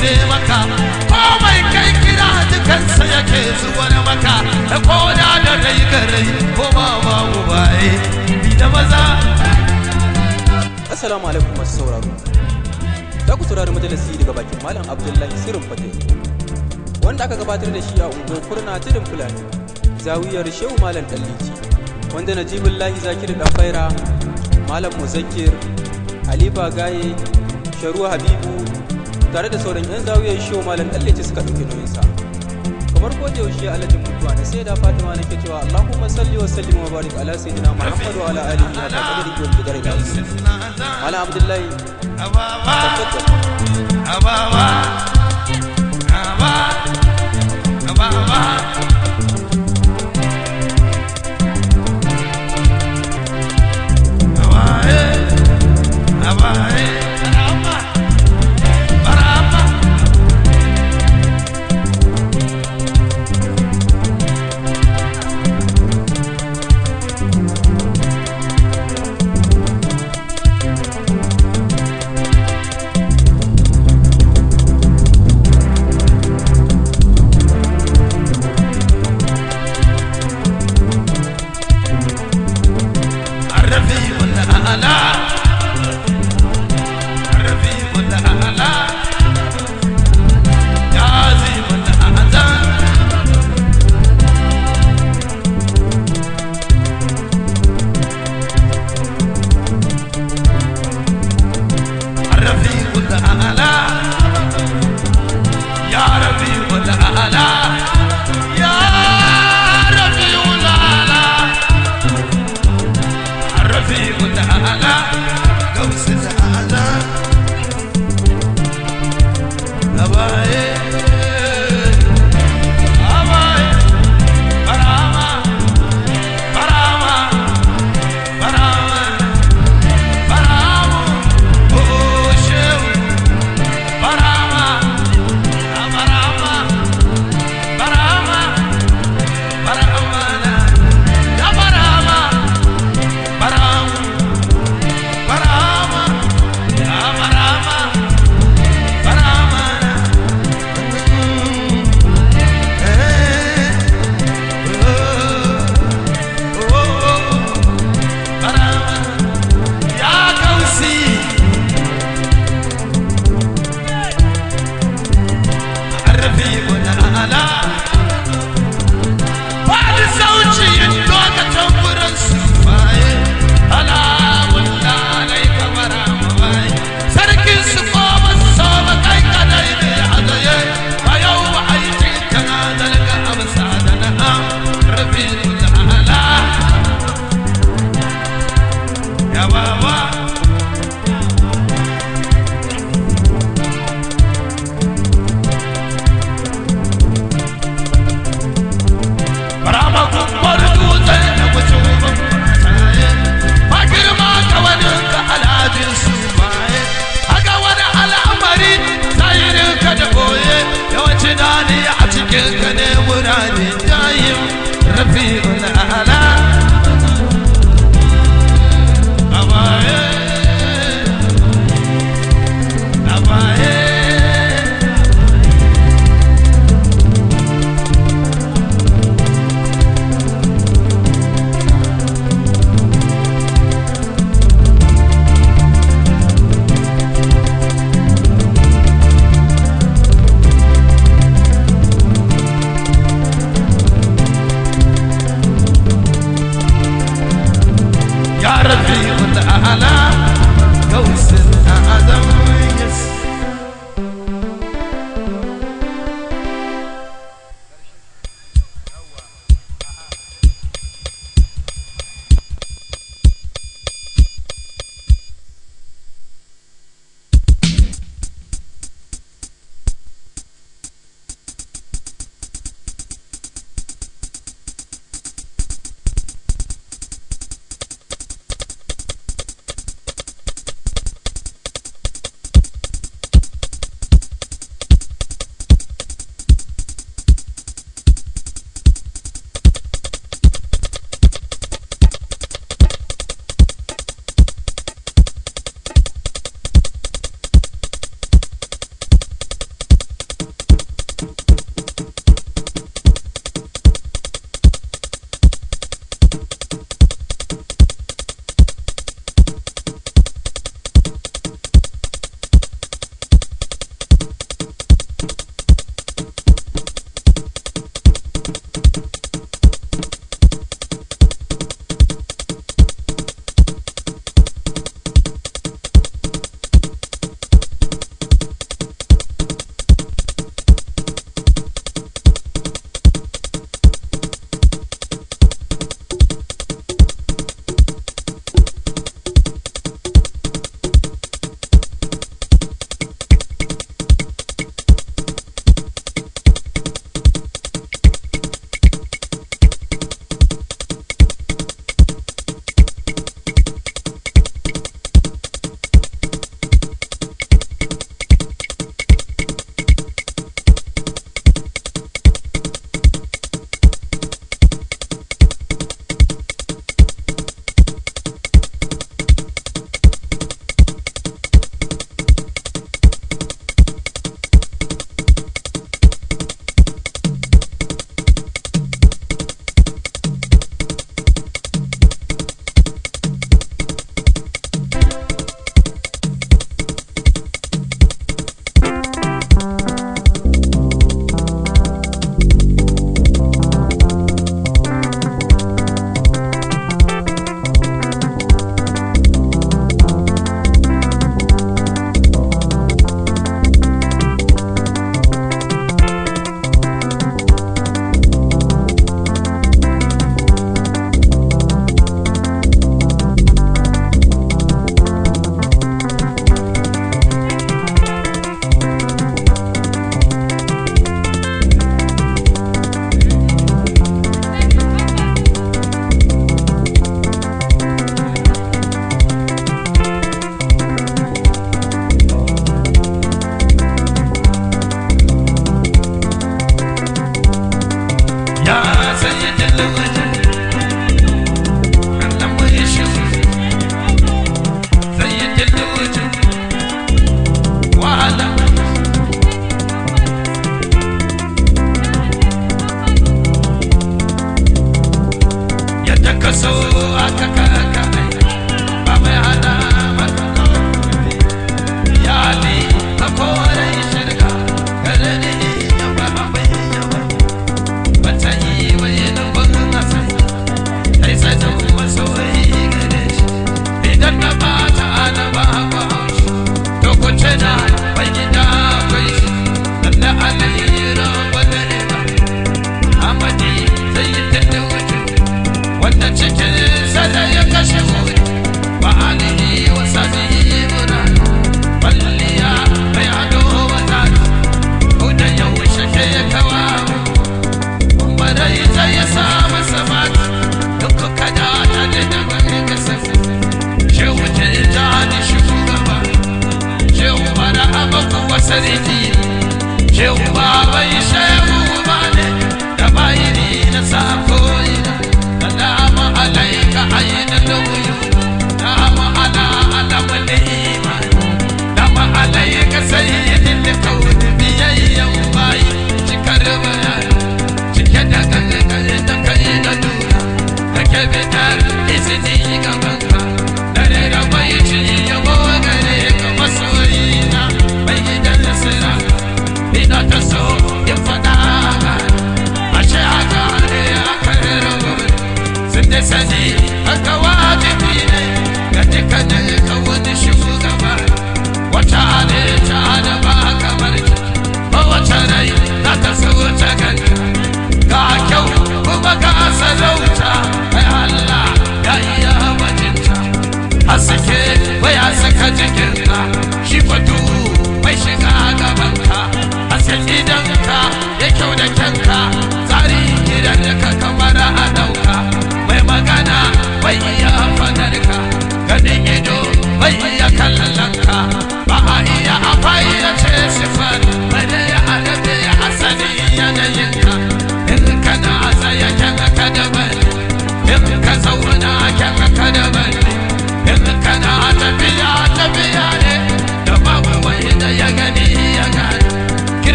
gode maka komai kai kira dukansa yake zuwar maka da koda da rai garai ko ba ba ubaye eh, bi da maza assalamu alaikum masu sauraro za ku saurari majalisi daga bakin malam abdullahi sirin fatai wanda aka gabatar da shi a unguwar kurna tudun fulani zawiyar shehu malam dallici wanda najibullahi zakir dan faira malam muzakkir Alifa gaye sharuwa habibu tare da sauran 'yan zawiyar shiwu malam ɗalle suka ɗauki sa kamar ko da yaushe Allah alhaji mutuwa ne sai da fatima nake cewa allahumma salli wa sallim wa barik ala sayyidina muhammad wa ala alihi wa sahbihi wa sallam ala abdullahi ababa ababa ababa Bye.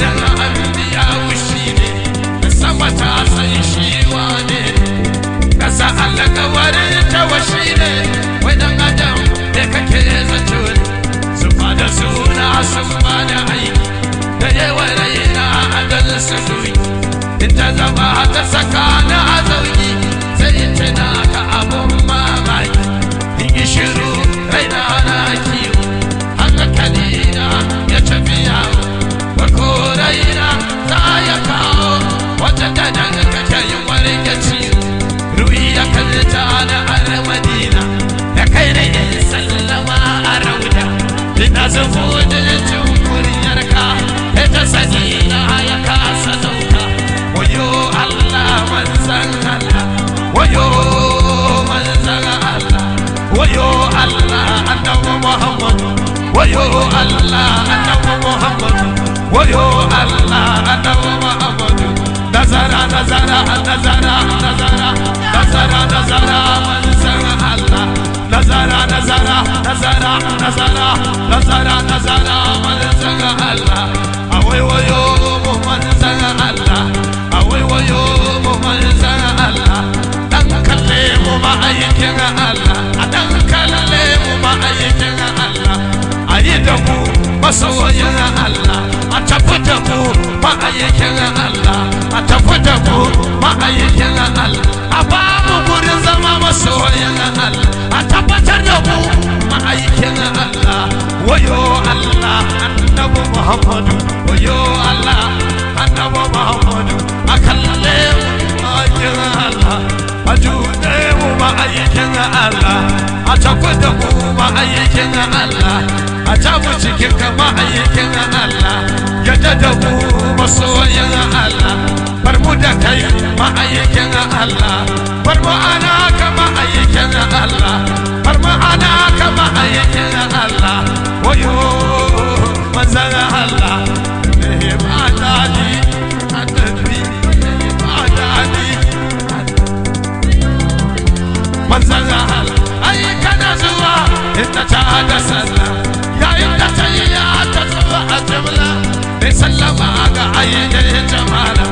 dan anbiya wushi ne sama ta san shi wane kasa Allah kawarin ta washi ne wai dan adam da kake zato su fada suna sun bada aiki da yawa raina adal su duyi ta zama ta saka na azauki sai tana saboda jin muryarka ita sakina ya kasa dauka wayo Allah manzan Allah wayo manzan Allah wayo Allah annabi Muhammad wayo Allah annabi Muhammad wayo Allah annabi Muhammad nazara nazara nazara nazara nazara nazara nasara nasara nasara nasara nasara mun Allah a waiwayo mun Allah a dan mu Allah a dan Allah ayi da mu masoyin Allah a tafi da mu ba Allah yabo ma'ayyakin Allah a ba mu gurin zama masoyan Allah a tabbatar da mu ma'ayyakin Allah wayo Allah annabi Muhammadu wayo Allah annabi Muhammadu a kalle ma'ayyakin Allah a juɗe mu ma'ayyakin Allah a takwada mu ma'ayyakin Allah a tabu cikin ka ma'ayyakin Allah yadda da mu masoyan Allah kai ma'aikin Allah bar ma'ana ka ma'aikin Allah bar ma'ana ka ma'aikin Allah wayo manzan Allah ne ba dadi annabi ba dadi manzan Allah ai kana zuwa inda ta da sallah yayin da ta yi ya ta zuwa a jimla ne sallama ga ayyukan jamala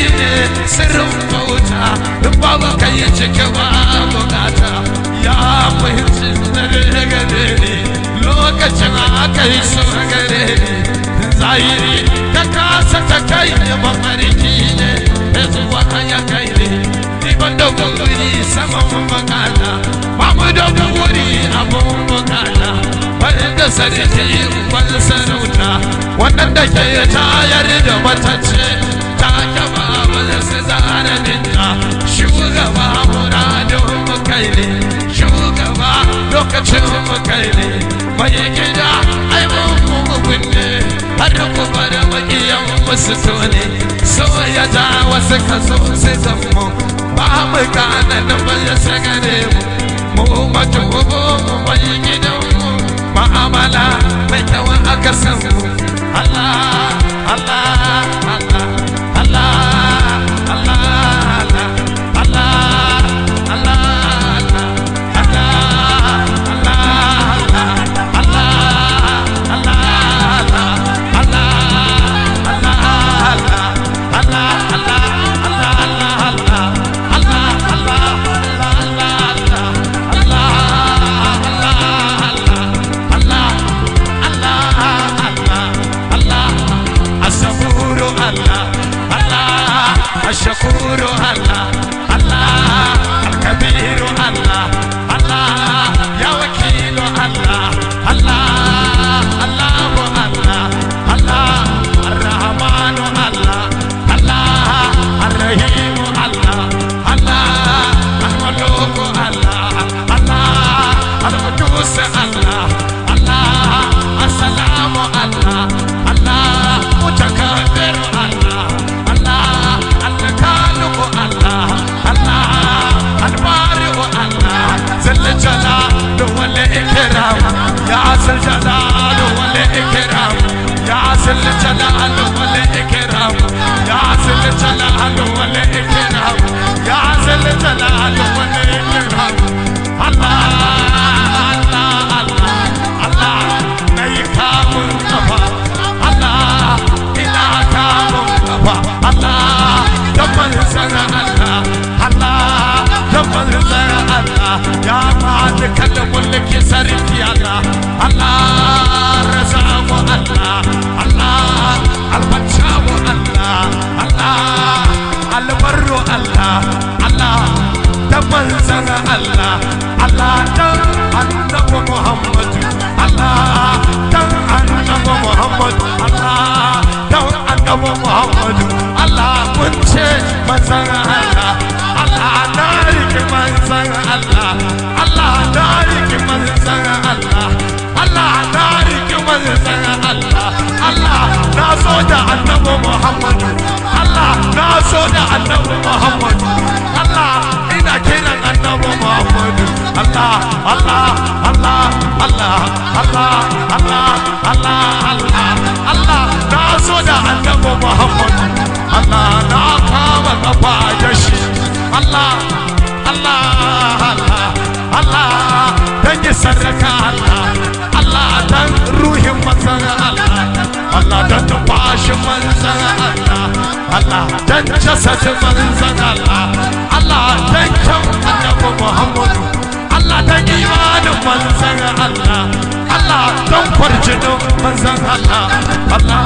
yi ne sirrin bauta in babu kai ya cike bukata ya fahimci na gare ne lokacin aka yi su gare ne zahiri ta kasa ta kai ya mafarki ne ya zuwa ya kai ne riban da wuri saman bukata ba mu da wuri abun bukata wadanda sarki wani sarauta wadanda ke tayar da matacce su zananin shugaba muradin kai ne shugaba lokacin mu kai ne mai gida ai mu mugun ne har ku bar makiyan musu to ne soyata wasu kaso su zammu ba mu kana ba ya sagare mu mu matubu mu mai gidan mu ma'amala mai yawan akasin mu zama muhammadu Allah mun ce manzan Allah Allah na rike manzan Allah Allah na rike manzan Allah Allah na rike manzan Allah Allah na so da annabi muhammadu Allah na so da annabi muhammadu Allah ina kiran annabi muhammadu Allah Allah Allah Allah Allah Allah Allah Allah Allah so da annabi Muhammad Allah na kama kafa da shi Allah Allah Allah Allah dan ya sarraka Allah Allah dan ruhin manzan Allah Allah dan tafashin manzan Allah Allah dan jasadin manzan Allah Allah dan kyan annabi Muhammad Allah dan imanin manzan Allah Allah dan kwarjinin manzan Allah Allah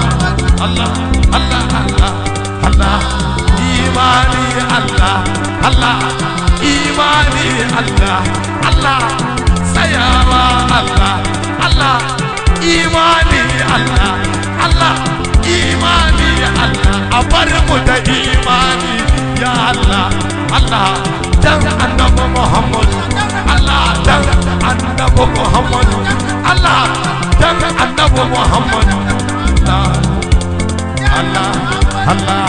Allah Allah Allah Allah imani Allah Allah imani Allah Allah tsayawa Allah Allah imani Allah Allah imani Allah a bar mu da imani ya Allah Allah dan annabi Muhammad Allah dan annabi Muhammad Allah dan annabi Muhammad Allah Allah Allah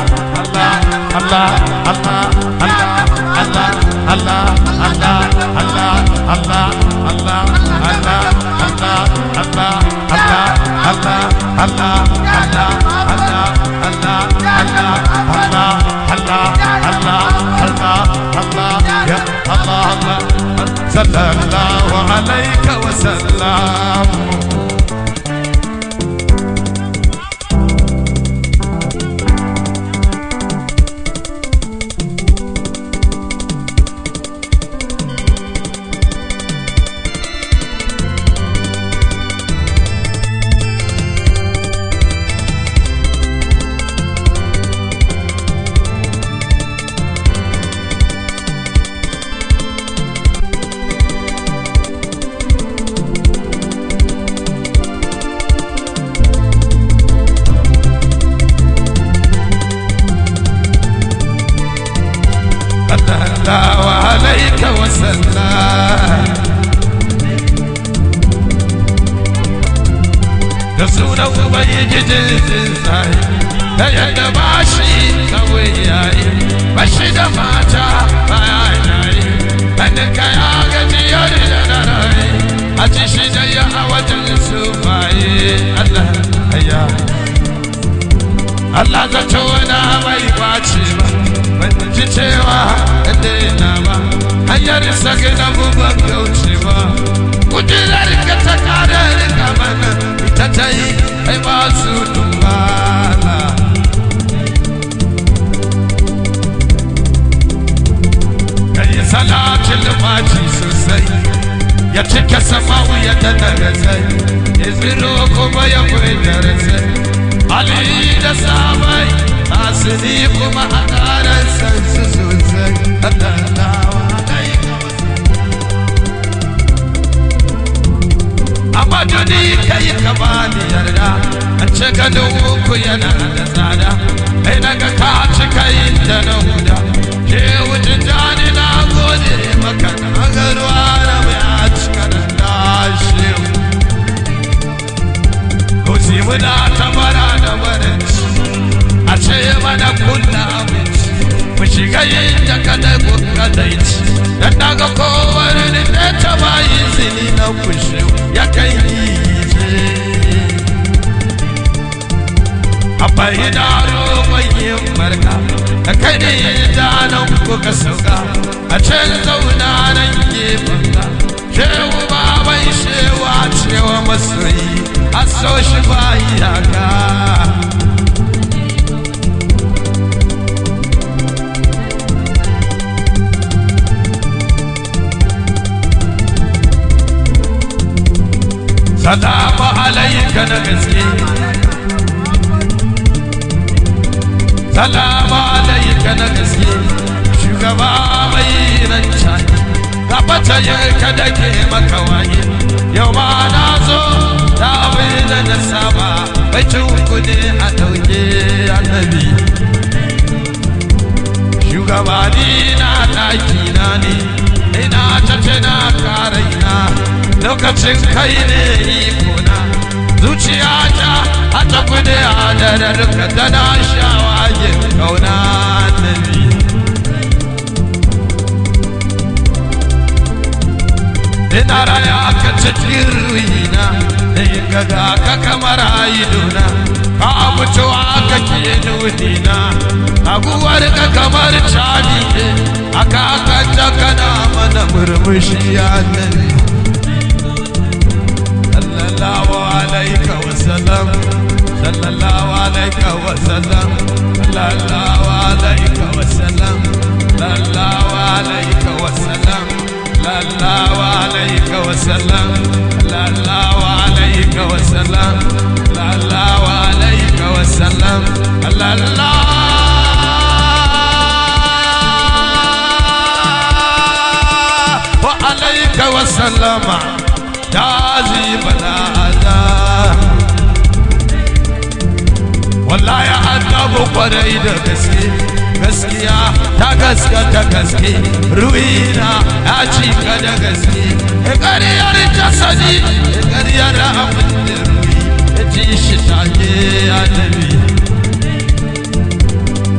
adalci sosai ya cike samawu ya dana rasai izbiro kuma ya kwai da ali da sabai asini kuma a karan san su sosai adalawa amma duni kai ka bani yarda a ce ganin uku yana da tsada ai daga ka ci kai da na huda ke wuce jani muna ta bara da baranci a ce mana kunna abinci mu shiga yin da kadai ko kadaici dan daga kowar da ta ya kai yi yin barka da kai ne sauka a can zauna nan gefen ka shehu baban shewa cewa masoyi a sau shi ba iyaka Salamu alaika na gaske Salamu alaika na gaske shugaba mai ranta na fatayin ka da ke maka wani yau ma na zo da abin da na saba bai cinku ne a dauke annabi shugabani na ɗaki na ne ina ta tana na lokacin kai ne Zuciya zuciyata a tafi da adarar ka tana shawagin kauna ina raya aka cikin ruina da yin gaga ka kamar aiduna ka abu abucewa aka ke nunina abuwar ka kamar cani ne aka aka jaka na mana murmushi ya nani sallallahu alaika wasallam sallallahu alaika wasallam sallallahu alaika wasallam sallallahu alaika صلى الله عليك وسلم صلى الله عليك وسلم صلى الله عليك وسلم صلى الله وعليك وسلم تعذيب الأعداء والله يا عذاب قريب بسيط gaskiya ta gaske ta gaske ruina ya cika da gaske ƙaryar jasadi ƙaryar abin da ruwi ya ci shi ta ke ya tafi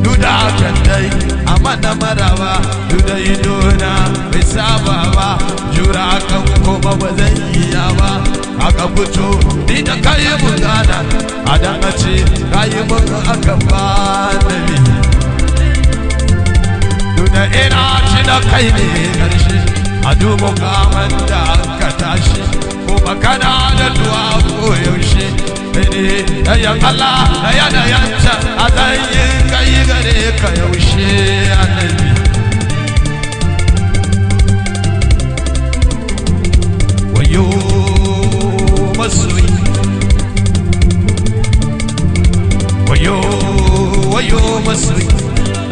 duda kan dai a mana marawa duda idona bai saba ba jura kan koma ba zan iya ba aka fito ni da kayi mun a dan a ce rayu muka aka ba da Ina ina cina kai ne karshe a duba kaman da ka tashi kuma kana da duwa koyaushe Bene ɗayan Allah ɗaya da yancan a ɗanyin kai gare ka yaushe annabi Wayo masoyi Wayo wayo masoyi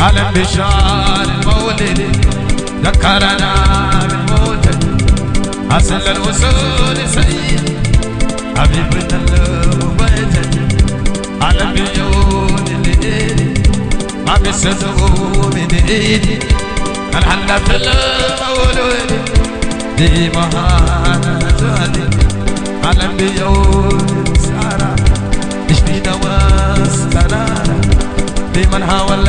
على بشار مولد ذكرنا بالموت حسن الوصول سيد حبيبنا المبتد على مليون الليل ما بيسدوا من ايدي الحلة في المولود دي مهانة جهدي على مليون سارة مش بينا واستنارة بمن حاول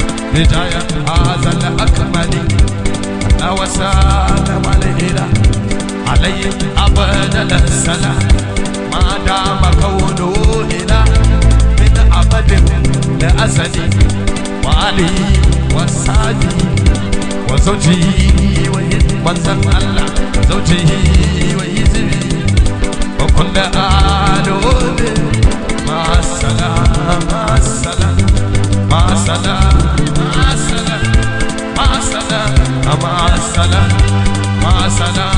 بداية هذا الأكمل وسلم الإله عليه أبدا السلام ما دام كونه إله من أبد لأزلي وعلي وسعدي وزوجي ومنزل الله وزوجي ويزبي وكل آلود مع السلام مع السلام مع السلام Masala, masala, masala, masala.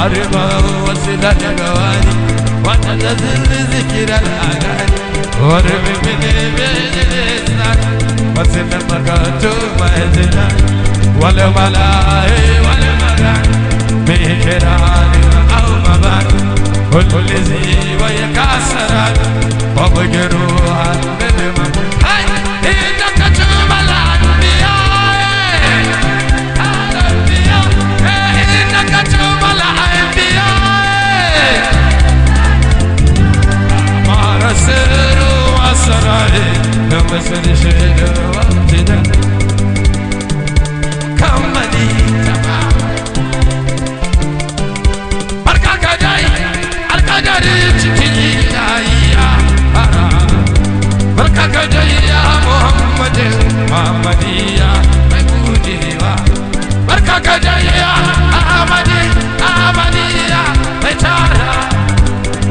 عربة وصل الأجواني وأنا نزل ذكر الأغاني ورمي من بين الإسلام وصل المكان مأذنا والملاهي والمغاني بكران أو مباني كل ذي ويكسران وبقروها البيت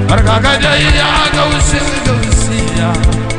barka ka jayya gausin gausiya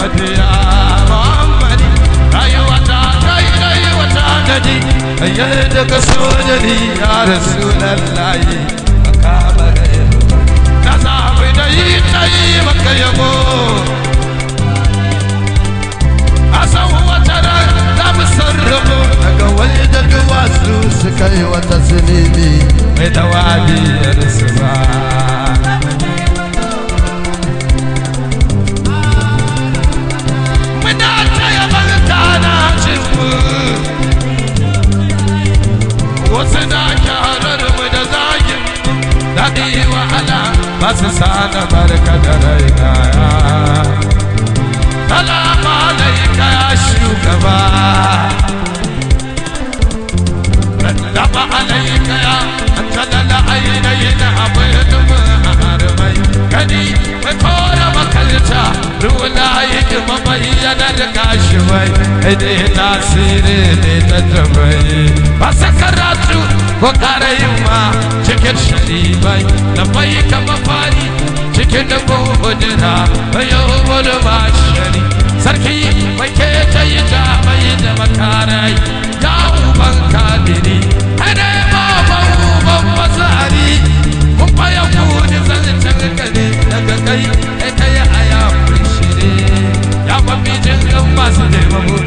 محمد يا محمد أيوة تعالي أيوة تعالي أيدك سودني يا رسول الله مكابر نزعب دي طيبك يا مو أسوى ترى لم سرق نقولدك واسلوسك أيوة تسليمي مدوالي يا رسول الله daɗe wahala masu sada barka da raina salama alaika ya shugaba sallama alaika ya jalala ainihin abin harmai gani zuta nuna yi girmama yana da gashi bai na nasiri ne na tabai masa karatu ko kara ma cikin sharibai na bai kama fari cikin da gobodira bayan wani ba shari sarki mai ke ta yi ta mai da makarai ya uban kadiri hane ma daga kai Sunday, my boy.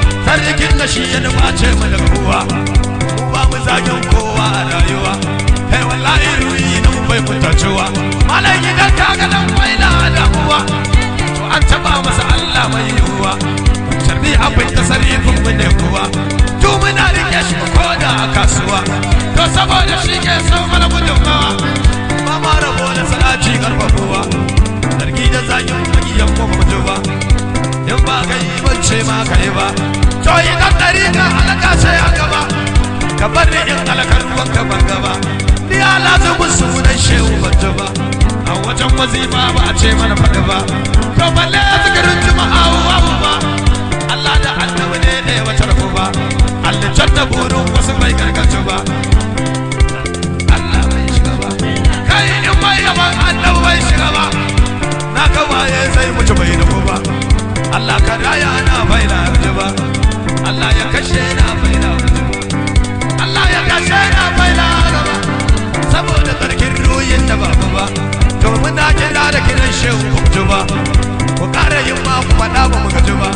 sarkin da shi ya nuface mana kowa ba mu zagin kowa a rayuwa kai wallahi ruyi na mu bai kutacewa malam idan ka ga bai na damuwa to an taba masa Allah mai yiwuwa tarbi abin da sarifin mu ne kuwa to muna rike shi ko da a kasuwa to saboda shi ke so mana gudunmawa ba ma rabo salati karfafuwa zargi da zagin magiyan mu mutuwa in ba kai bance ma kai ba to yi dari ka halaka sai a gaba ka bar ni in halakar wanka ban gaba ni ala ta musu dan shehu banta ba a wajen wazifa ba a ce mana faɗi ba to balle zikarin juma'a babu ba Allah da annabi ne ne wata rabu ba aljanna da burin wasu bai gargaci ba Allah bai shiga ba kai in bai yaban annabi bai shiga ba na kama ya sai mutu bai nufu ba Allah ka raya na Allah ya kashe na bai Allah ya kashe na bai ba saboda tsarkin ruyin da babu ba to muna kira da kiran shehu kubtu ba ku kare yin ma ku fada ba mu gaji ba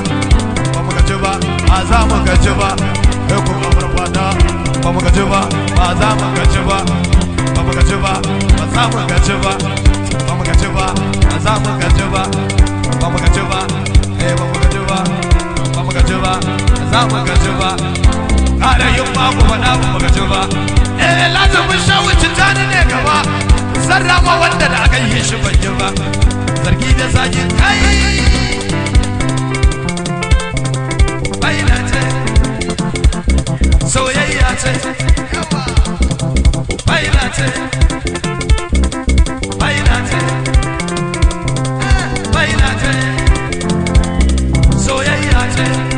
ba mu gaji ba ba za mu gaji ba kai ku amur fata ba mu gaji ba ba za mu gaji ba ba mu gaji ba ba za mu gaji ba ba mu gaji ba ba za mu gaji ba ba mu gaji ba ba za mu gaji ba kada yin ba ku faɗa ba mu gaji ba eh lazumin shawucin tani ne gaba sarrafa wanda da aka yi shi ban yi ba zargi da zagi kai bayyana ce soyayya ce bayyana ce bayyana ce eh, bayyana ce soyayya ce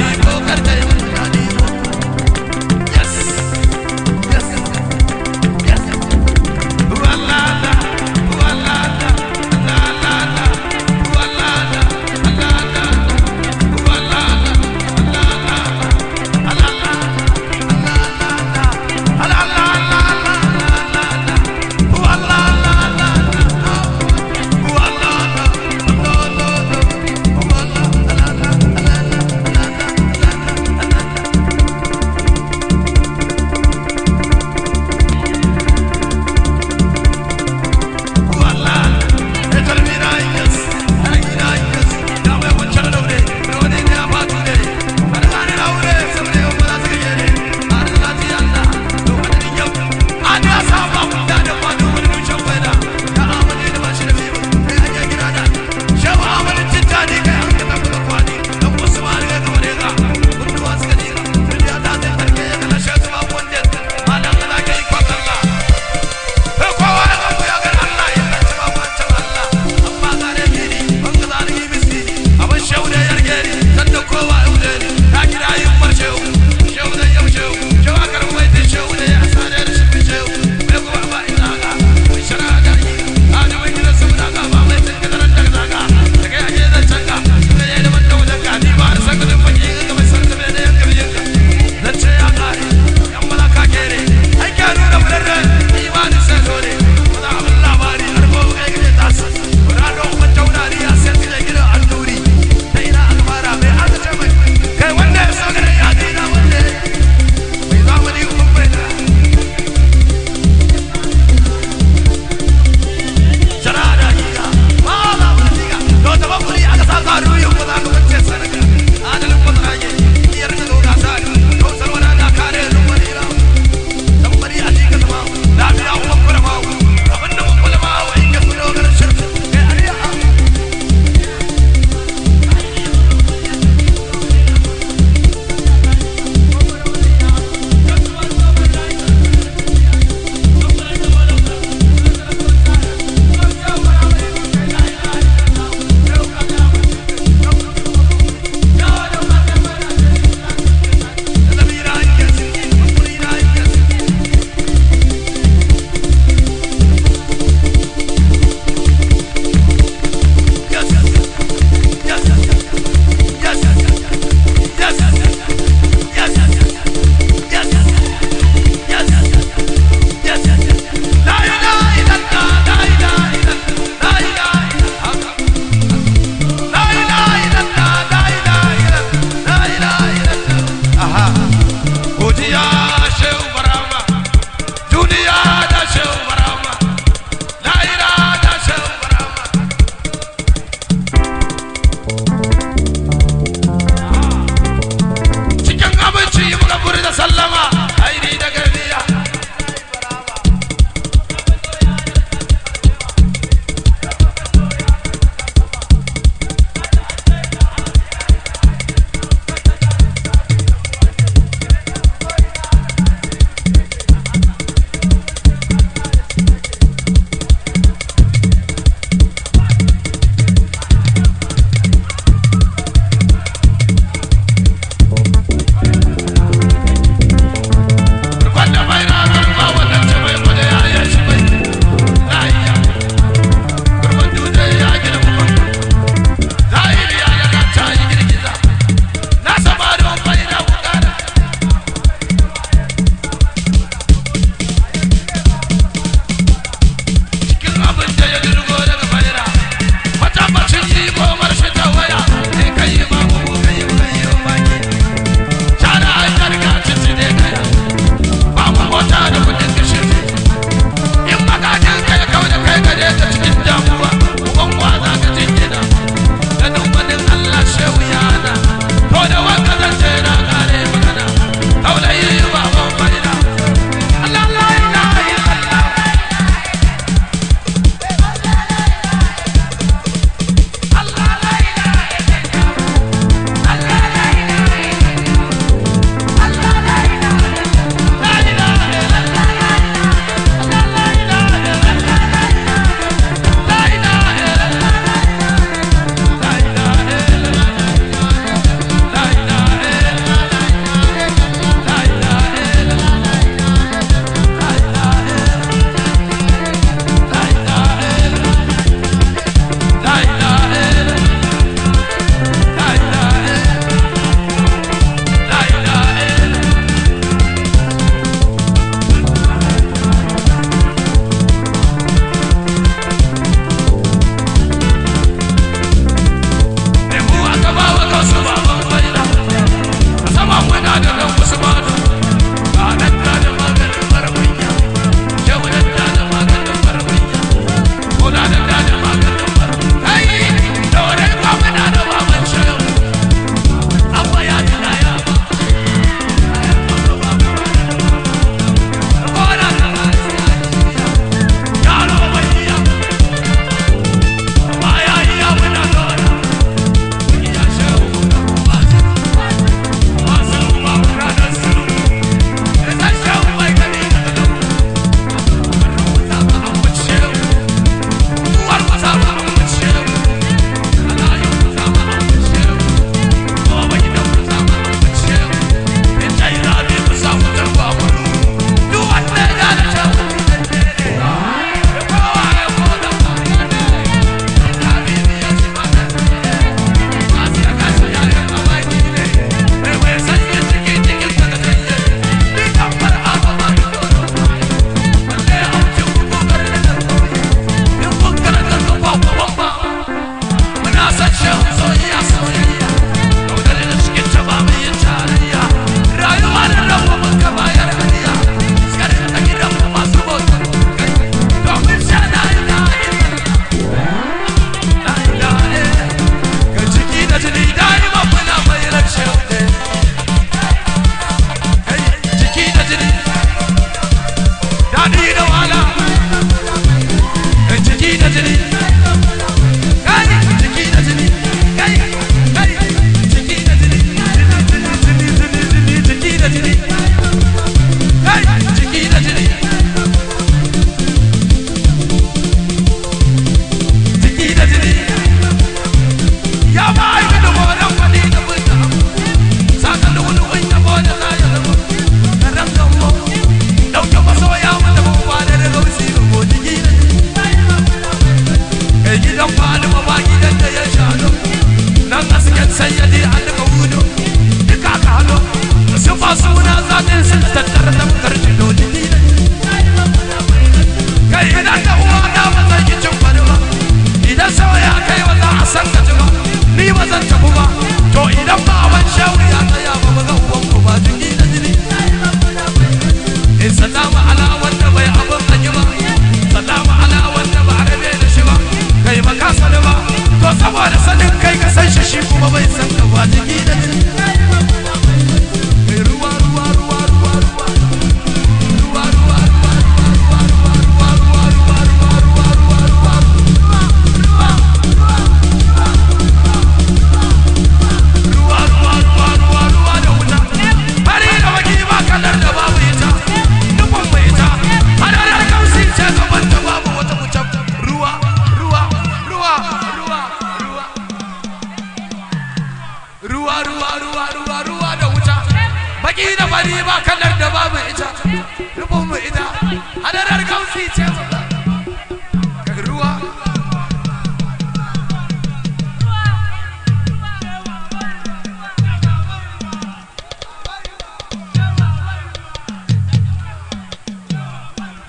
and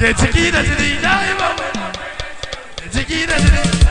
da jiki da jini da jiki da jini